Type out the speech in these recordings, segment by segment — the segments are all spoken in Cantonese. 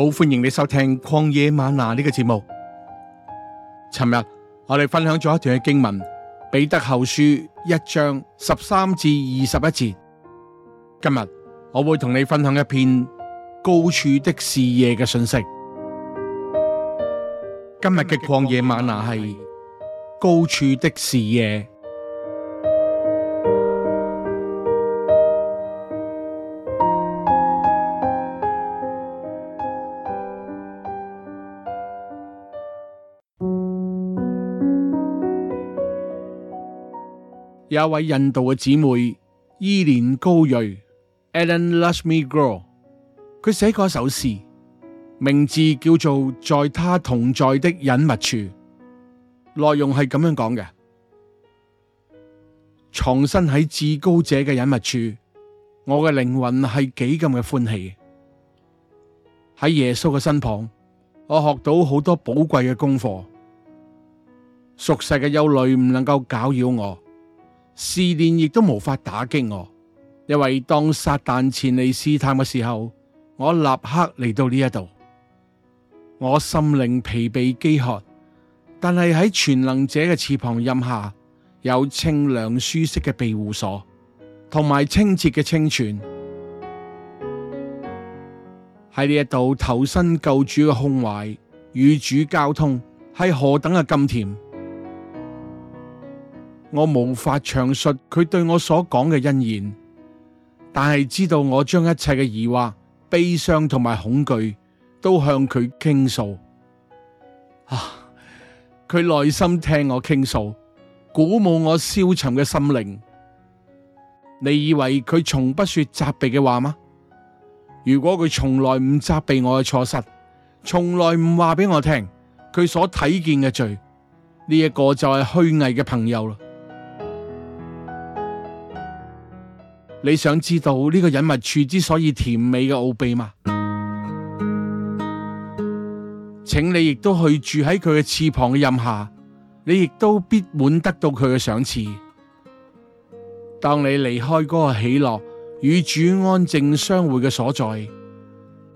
好歡迎你收聽曠野嗎哪呢個節目。尋日我哋分享咗一段嘅經文《彼得後書》一章十三至二十一節。今日我會同你分享一篇高處的視野嘅信息。今日嘅曠野嗎哪係高處的視野。有位印度嘅姊妹伊蓮高瑞 （Alan l u s h m i g i r l 佢寫過一首詩，名字叫做《在他同在的隱密處》，內容係咁樣講嘅：藏身喺至高者嘅隱密處，我嘅靈魂係幾咁嘅歡喜。喺耶穌嘅身旁，我學到好多寶貴嘅功課，熟悉嘅憂慮唔能夠攪擾我。試煉亦都無法打擊我，因為當撒旦前嚟試探嘅時候，我立刻嚟到呢一度。我心靈疲憊飢渴，但係喺全能者嘅翅膀蔭下，有清涼舒適嘅庇護所，同埋清澈嘅清泉。喺呢一度投身救主嘅胸懷，與主交通，係何等嘅甘甜！我無法詳述佢對我所講嘅恩言，但係知道我將一切嘅疑惑、悲傷同埋恐懼都向佢傾訴。啊！佢耐心聽我傾訴，鼓舞我消沉嘅心靈。你以為佢從不說責備嘅話嗎？如果佢從來唔責備我嘅錯失，從來唔話俾我聽佢所睇見嘅罪，呢一個就係虛偽嘅朋友啦。你想知道呢個隱密處之所以甜美嘅奧祕嗎？請你亦都去住喺佢嘅翅膀嘅蔭下，你亦都必滿得到佢嘅賞賜。當你離開嗰個喜樂與主安靜相會嘅所在，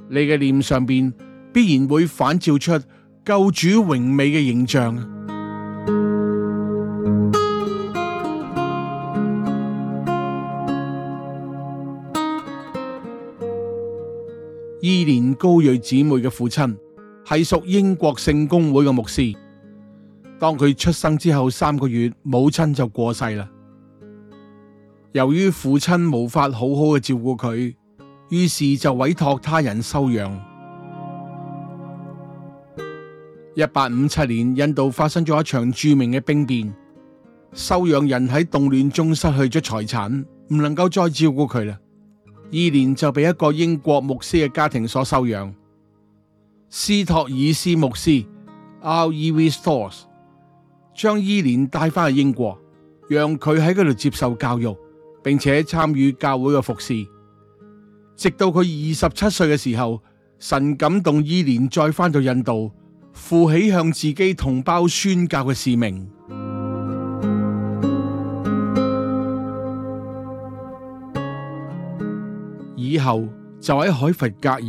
你嘅臉上邊必然會反照出救主榮美嘅形象。高睿姊妹嘅父親係屬英國聖公會嘅牧師。當佢出生之後三個月，母親就過世啦。由於父親無法好好嘅照顧佢，於是就委託他人收養。一八五七年，印度發生咗一場著名嘅兵變，收養人喺動亂中失去咗財產，唔能夠再照顧佢啦。伊蓮就被一個英國牧師嘅家庭所收養，斯托爾斯牧師 （Rev. Stores） 將伊蓮帶翻去英國，讓佢喺嗰度接受教育，並且參與教會嘅服侍。直到佢二十七歲嘅時候，神感動伊蓮再翻到印度，負起向自己同胞宣教嘅使命。以後就喺海佛格爾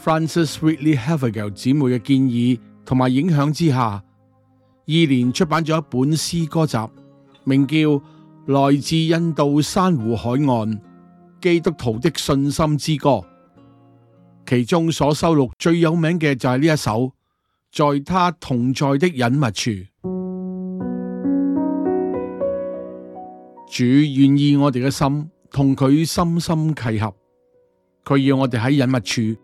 （Francis Ridley Havergal） 姊妹嘅建議同埋影響之下，二年出版咗一本詩歌集，名叫《來自印度珊瑚海岸基督徒的信心之歌》，其中所收錄最有名嘅就係呢一首，在他同在的隱密處，主願意我哋嘅心。同佢深深契合，佢要我哋喺隱密處，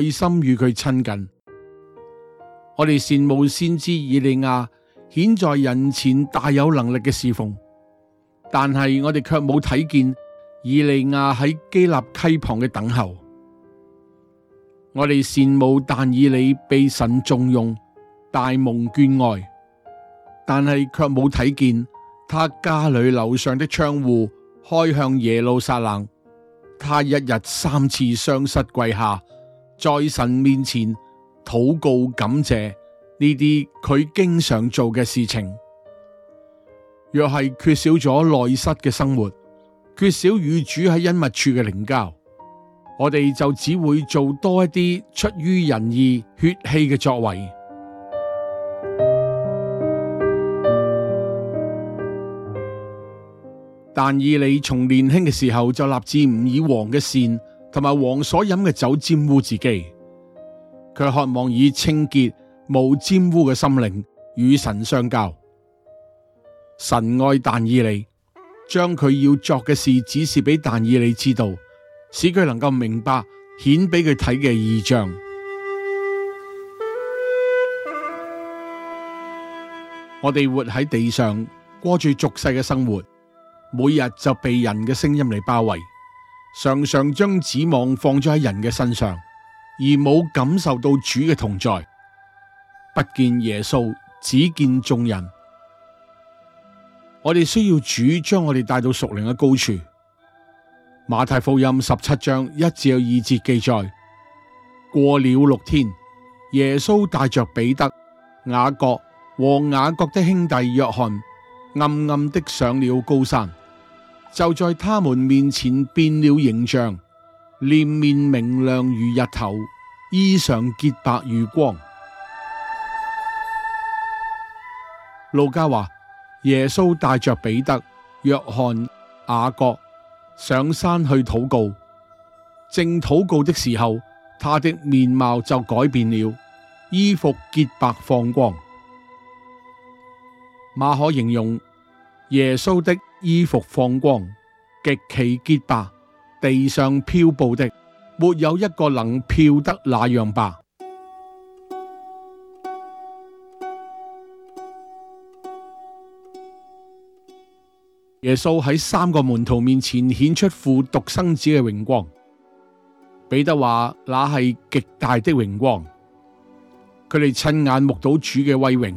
內心與佢親近。我哋羨慕先知以利亞顯在人前大有能力嘅侍奉，但係我哋卻冇睇見以利亞喺基立溪旁嘅等候。我哋羨慕但以理被神重用，大蒙眷愛，但係卻冇睇見他家裏樓上的窗戶。開向耶路撒冷，他一日三次雙膝跪下，在神面前禱告感謝，呢啲佢經常做嘅事情。若係缺少咗內室嘅生活，缺少與主喺隱密處嘅靈交，我哋就只會做多一啲出於人意、血氣嘅作為。但以理從年輕嘅時候就立志唔以王嘅膳同埋王所飲嘅酒沾污自己，佢渴望以清潔、無沾污嘅心靈與神相交。神愛但以理，將佢要作嘅事指示俾但以理知道，使佢能夠明白顯俾佢睇嘅異象。 我哋活喺地上，過住俗世嘅生活。每日就被人嘅聲音嚟包圍，常常將指望放咗喺人嘅身上，而冇感受到主嘅同在，不見耶穌，只見眾人。我哋需要主將我哋帶到屬靈嘅高處。馬太福音十七章一至二節記載：過了六天，耶穌帶着彼得、雅各和雅各的兄弟約翰，暗暗的上了高山。就在他們面前變了形象，臉面明亮如日頭，衣裳潔白如光。路加話：耶穌帶着彼得、約翰、雅各上山去禱告，正禱告的時候，他的面貌就改變了，衣服潔白放光。馬可形容耶穌的。衣服放光，極其潔白，地上漂布的，沒有一個能漂得那樣白，耶穌喺三個門徒面前顯出父獨生子嘅榮光。彼得話：那係極大的榮光。佢哋親眼目睹主嘅威榮，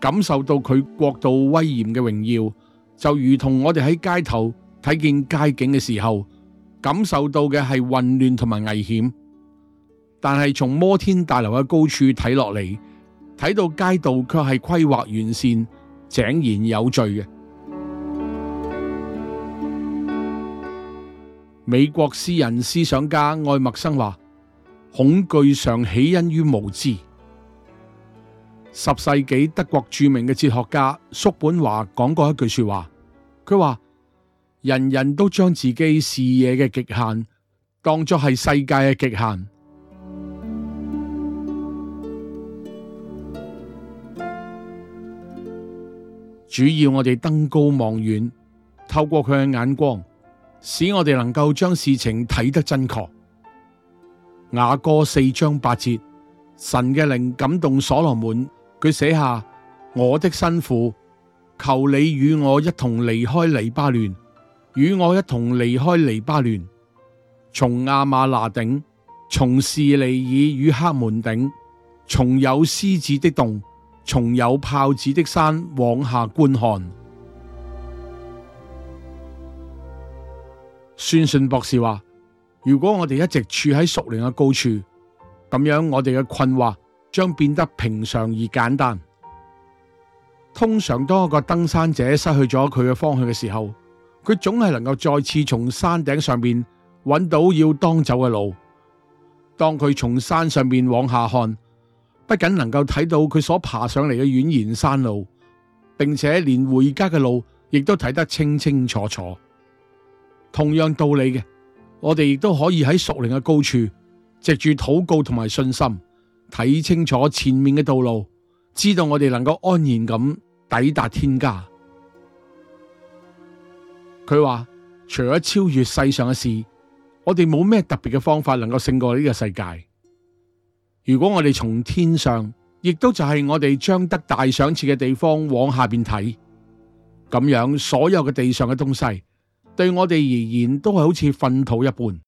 感受到佢國度威嚴嘅榮耀。就如同我哋喺街頭睇見街景嘅時候，感受到嘅係混亂同埋危險，但係從摩天大樓嘅高處睇落嚟，睇到街道卻係規劃完善、井然有序嘅。美國詩人、思想家愛默生話：「恐懼常起因於無知。」十世紀德國著名嘅哲學家叔本華講過一句說話，佢話：人人都將自己視野嘅極限當作係世界嘅極限。極限主要我哋登高望遠，透過佢嘅眼光，使我哋能夠將事情睇得真確。雅歌四章八節，神嘅靈感動所羅門。佢寫下：我的新婦，求你與我一同離開黎巴嫩，與我一同離開黎巴嫩，從亞瑪那頂，從示尼珥與黑門頂，從有獅子的洞，從有豹子的山往下觀看。宣信博士話：如果我哋一直處喺屬靈嘅高處，咁樣我哋嘅困惑。將變得平常而簡單。通常當一個登山者失去咗佢嘅方向嘅時候，佢總係能夠再次從山頂上面揾到要當走嘅路。當佢從山上面往下看，不僅能夠睇到佢所爬上嚟嘅蜿蜒山路，並且連回家嘅路亦都睇得清清楚楚。同樣道理嘅，我哋亦都可以喺屬靈嘅高處，藉住禱告同埋信心，睇清楚前面嘅道路，知道我哋能夠安然咁抵達天家。佢話，除咗超越世上嘅事，我哋冇咩特別嘅方法能夠勝過呢個世界。如果我哋從天上，亦都就係我哋將得大賞賜嘅地方往下邊睇，咁樣所有嘅地上嘅東西，對我哋而言都係好似糞土一般。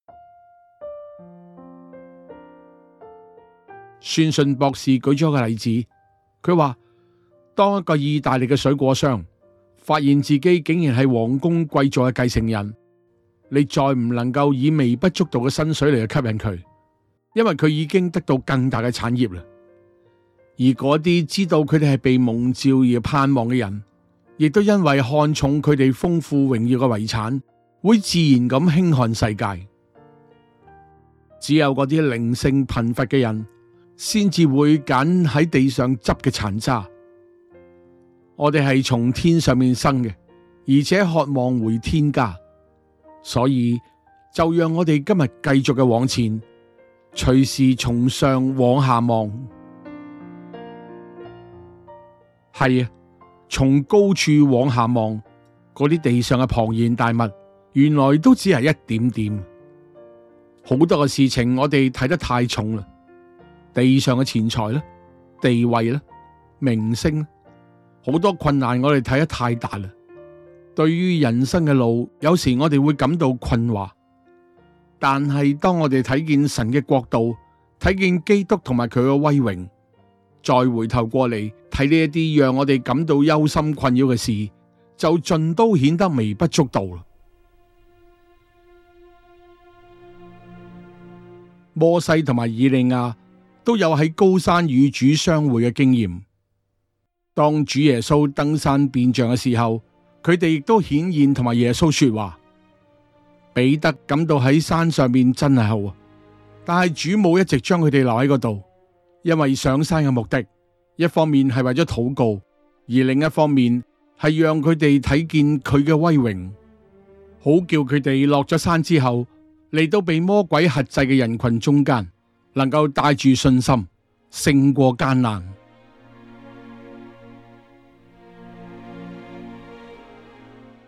算信博士舉咗個例子，佢話：當一個意大利嘅水果商發現自己竟然係皇宮貴族嘅繼承人，你再唔能夠以微不足道嘅薪水嚟吸引佢，因為佢已經得到更大嘅產業啦。而嗰啲知道佢哋係被蒙召而盼望嘅人，亦都因為看重佢哋豐富榮耀嘅遺產，會自然咁輕看世界。只有嗰啲靈性貧乏嘅人。先至會揀喺地上執嘅殘渣。我哋係從天上面生嘅，而且渴望回天家，所以就讓我哋今日繼續嘅往前，隨時從上往下望。係啊，從高處往下望，嗰啲地上嘅龐然大物，原來都只係一點點。好多嘅事情，我哋睇得太重啦。地上嘅錢財啦、地位啦、名聲，好多困難我哋睇得太大啦。對於人生嘅路，有時我哋會感到困惑。但係當我哋睇見神嘅國度，睇見基督同埋佢嘅威榮，再回頭過嚟睇呢一啲讓我哋感到憂心困擾嘅事，就盡都顯得微不足道啦。摩西同埋以利亞。都有喺高山與主相會嘅經驗。當主耶穌登山變像嘅時候，佢哋亦都顯現同埋耶穌說話。彼得感到喺山上面真係好啊，但係主冇一直將佢哋留喺嗰度，因為上山嘅目的，一方面係為咗禱告，而另一方面係讓佢哋睇見佢嘅威榮，好叫佢哋落咗山之後，嚟到被魔鬼轄制嘅人群中間。能夠帶住信心勝過艱難。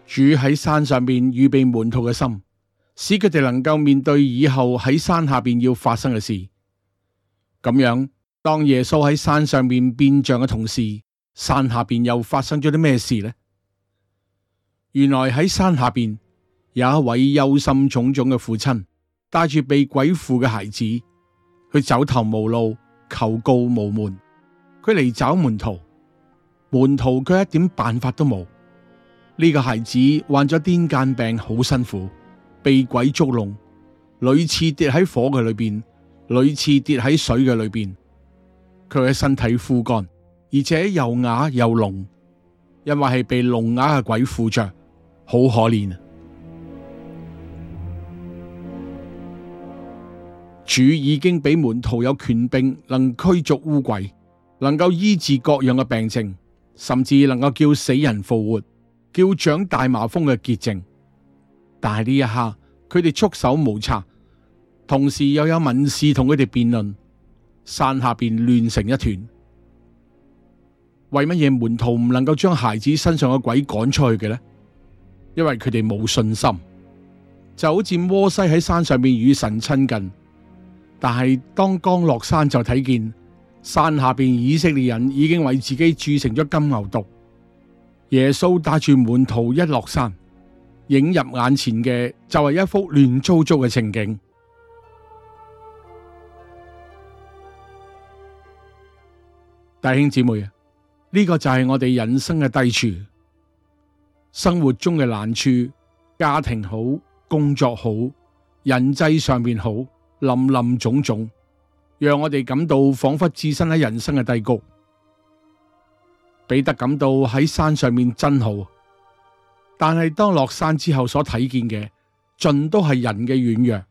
主喺山上邊預備門徒嘅心，使佢哋能夠面對以後喺山下邊要發生嘅事。咁樣，當耶穌喺山上邊變像嘅同時，山下邊又發生咗啲咩事呢？原來喺山下邊有一位憂心忡忡嘅父親，帶住被鬼附嘅孩子。佢走投無路，求告無門，佢嚟找門徒，門徒卻一點辦法都冇。呢個孩子患咗癲癇病，好辛苦，被鬼捉弄，屢次跌喺火嘅裏邊，屢次跌喺水嘅裏邊，佢嘅身體枯乾，而且又啞又聾，因為係被聾啞嘅鬼附着，好可憐。主已經俾門徒有權柄，能驅逐污鬼，能夠醫治各樣嘅病症，甚至能夠叫死人復活，叫長大麻風嘅潔淨。但係呢一刻，佢哋束手無策，同時又有民事同佢哋辯論，山下邊亂成一團。為乜嘢門徒唔能夠將孩子身上嘅鬼趕出去嘅呢？因為佢哋冇信心，就好似摩西喺山上面與神親近。但係當剛落山就睇見山下邊以色列人已經為自己鑄成咗金牛犢。耶穌帶住門徒一落山，映入眼前嘅就係、是，一幅亂糟糟嘅情景。弟兄姊妹啊，呢、這個就係我哋人生嘅低處，生活中嘅難處，家庭好，工作好，人際上面好。林林總總，讓我哋感到仿佛置身喺人生嘅低谷。彼得感到喺山上面真好，但係當落山之後所睇見嘅，盡都係人嘅軟弱。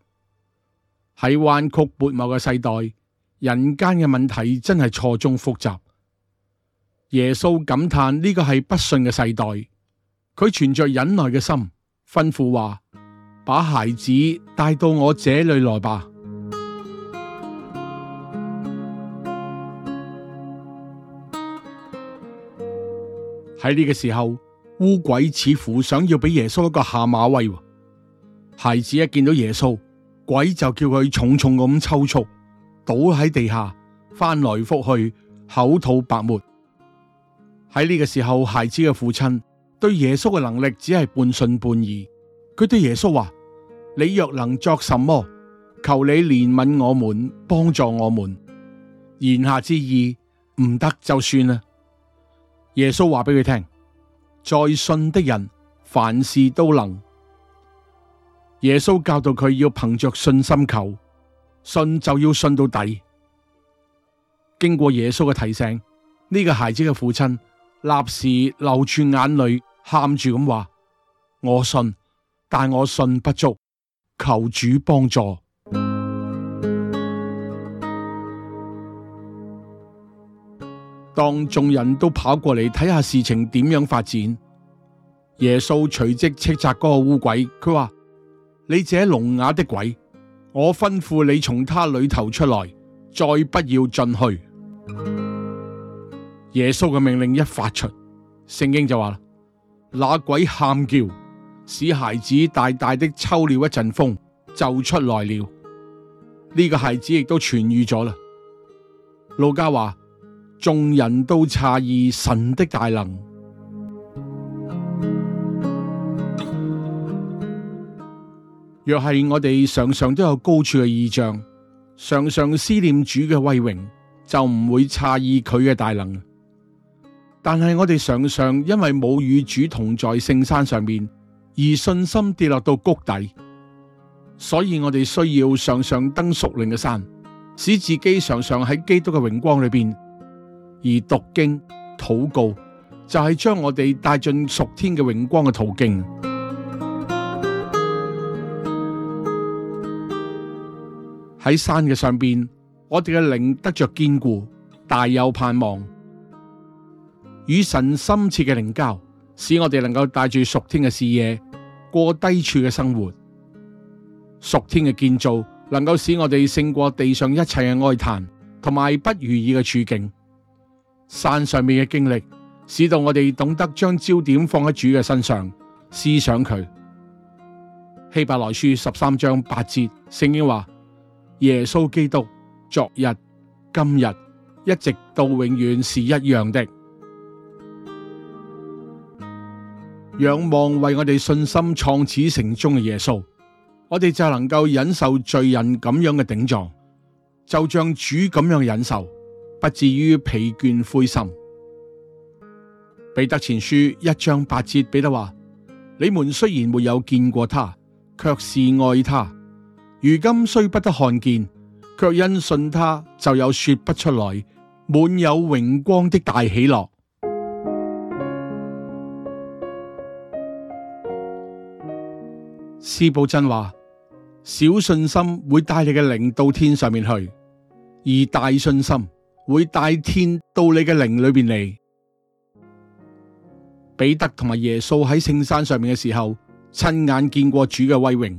喺彎曲悖謬嘅世代，人間嘅問題真係錯綜複雜。耶穌感嘆呢、這個係不信嘅世代，佢存着忍耐嘅心，吩咐話：把孩子帶到我這裏來吧。喺呢個時候，污鬼似乎想要俾耶穌一個下馬威。孩子一見到耶穌，鬼就叫佢重重咁抽搐，倒喺地下，翻來覆去，口吐白沫。喺呢個時候，孩子嘅父親對耶穌嘅能力只係半信半疑。佢對耶穌話：你若能作什麼，求你憐憫我們，幫助我們。言下之意，唔得就算啦。耶穌話俾佢聽，在信的人凡事都能。耶穌教導佢要憑着信心求，信就要信到底。經過耶穌嘅提醒，呢個孩子嘅父親立時流住眼淚，喊住咁話：我信，但我信不足，求主幫助。當眾人都跑過嚟睇下事情點樣發展，耶穌隨即斥責嗰個污鬼，佢話：你這聾啞的鬼，我吩咐你從他裏頭出來，再不要進去。耶穌嘅命令一發出，聖經就話啦，那鬼喊叫，使孩子大大的抽了一陣瘋，就出來了。呢、這個孩子亦都痊愈咗啦。路加話，眾人都詫異神的大能。若係我哋常常都有高處嘅異象，常常思念主嘅威榮，就唔會詫異佢嘅大能。但係我哋常常因為冇與主同在聖山上面，而信心跌落到谷底，所以我哋需要常常登屬靈嘅山，使自己常常喺基督嘅榮光裏邊。而讀經禱告就係、是、將我哋帶進屬天嘅榮光嘅途徑。喺山嘅上邊，我哋嘅靈得着堅固，大有盼望，與神深切嘅靈交，使我哋能夠帶住屬天嘅視野過低處嘅生活。屬天嘅建造能夠使我哋勝過地上一切嘅哀嘆同埋不如意嘅處境。山上面嘅經歷，使到我哋懂得將焦點放喺主嘅身上，思想佢。希伯來書十三章八節，聖經話：耶穌基督，昨日、今日，一直到永遠是一樣的。仰望為我哋信心創始成終嘅耶穌，我哋就能夠忍受罪人咁樣嘅頂撞，就像主咁樣忍受。不至於疲倦灰心。彼得前書一章八節，彼得話：你們雖然沒有見過他，卻是愛他。如今雖不得看見，卻因信他就有說不出來滿有榮光的大喜樂。司布真話：小信心會帶你嘅靈到天上面去，而大信心。會帶天到你嘅靈裏邊嚟。彼得同埋耶穌喺聖山上面嘅時候，親眼見過主嘅威榮。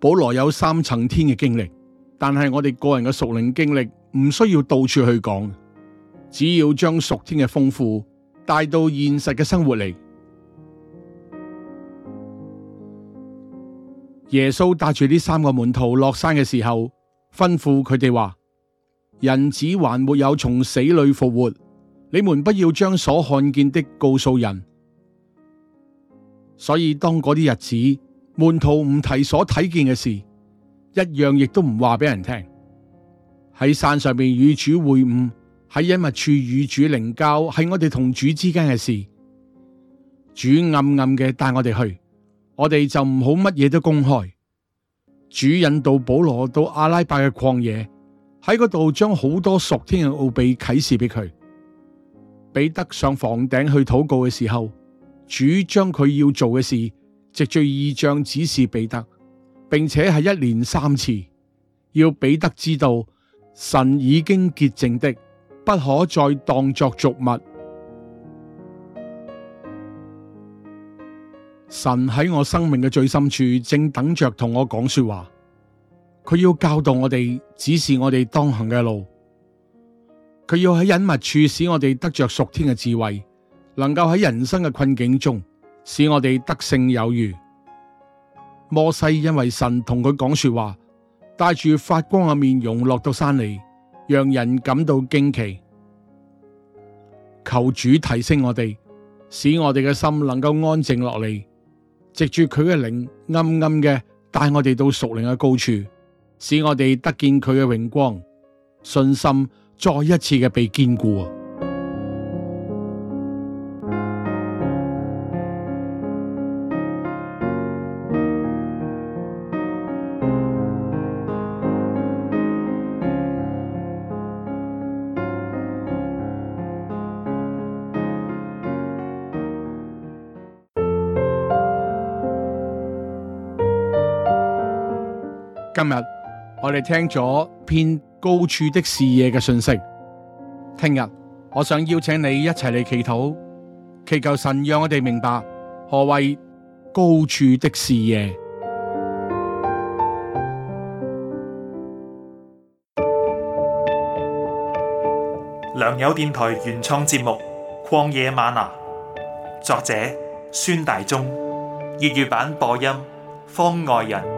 保羅有三層天嘅經歷，但係我哋個人嘅屬靈經歷唔需要到處去講，只要將屬天嘅豐富帶到現實嘅生活嚟。耶穌帶住呢三個門徒落山嘅時候，吩咐佢哋話。人子還沒有從死裏復活，你們不要將所看見的告訴人。所以當嗰啲日子，門徒唔提所睇見嘅事，一樣亦都唔話俾人聽。喺山上面與主會晤，喺隱密處與主靈交，係我哋同主之間嘅事。主暗暗嘅帶我哋去，我哋就唔好乜嘢都公開。主引導保羅到阿拉伯嘅曠野。喺嗰度將好多屬天嘅奧秘啟示俾佢。彼得上房頂去禱告嘅時候，主將佢要做嘅事藉着異象指示彼得，並且係一連三次，要彼得知道神已經潔淨的，不可再當作俗物。神喺我生命嘅最深處，正等着同我講說話。佢要教導我哋指示我哋當行嘅路，佢要喺隱密處使我哋得着屬天嘅智慧，能夠喺人生嘅困境中使我哋得勝有餘。摩西因為神同佢講說話，帶住發光嘅面容落到山嚟，讓人感到驚奇。求主提升我哋，使我哋嘅心能夠安靜落嚟，藉住佢嘅靈暗暗嘅帶我哋到屬靈嘅高處。使我哋得見佢嘅榮光，信心再一次嘅被堅固啊！今日。我哋聽咗篇高處的視野嘅信息，聽日我想邀請你一齊嚟祈禱，祈求神讓我哋明白何謂高處的視野。良友電台原創節目《曠野嗎哪》，作者孫大中，粵語版播音方外人。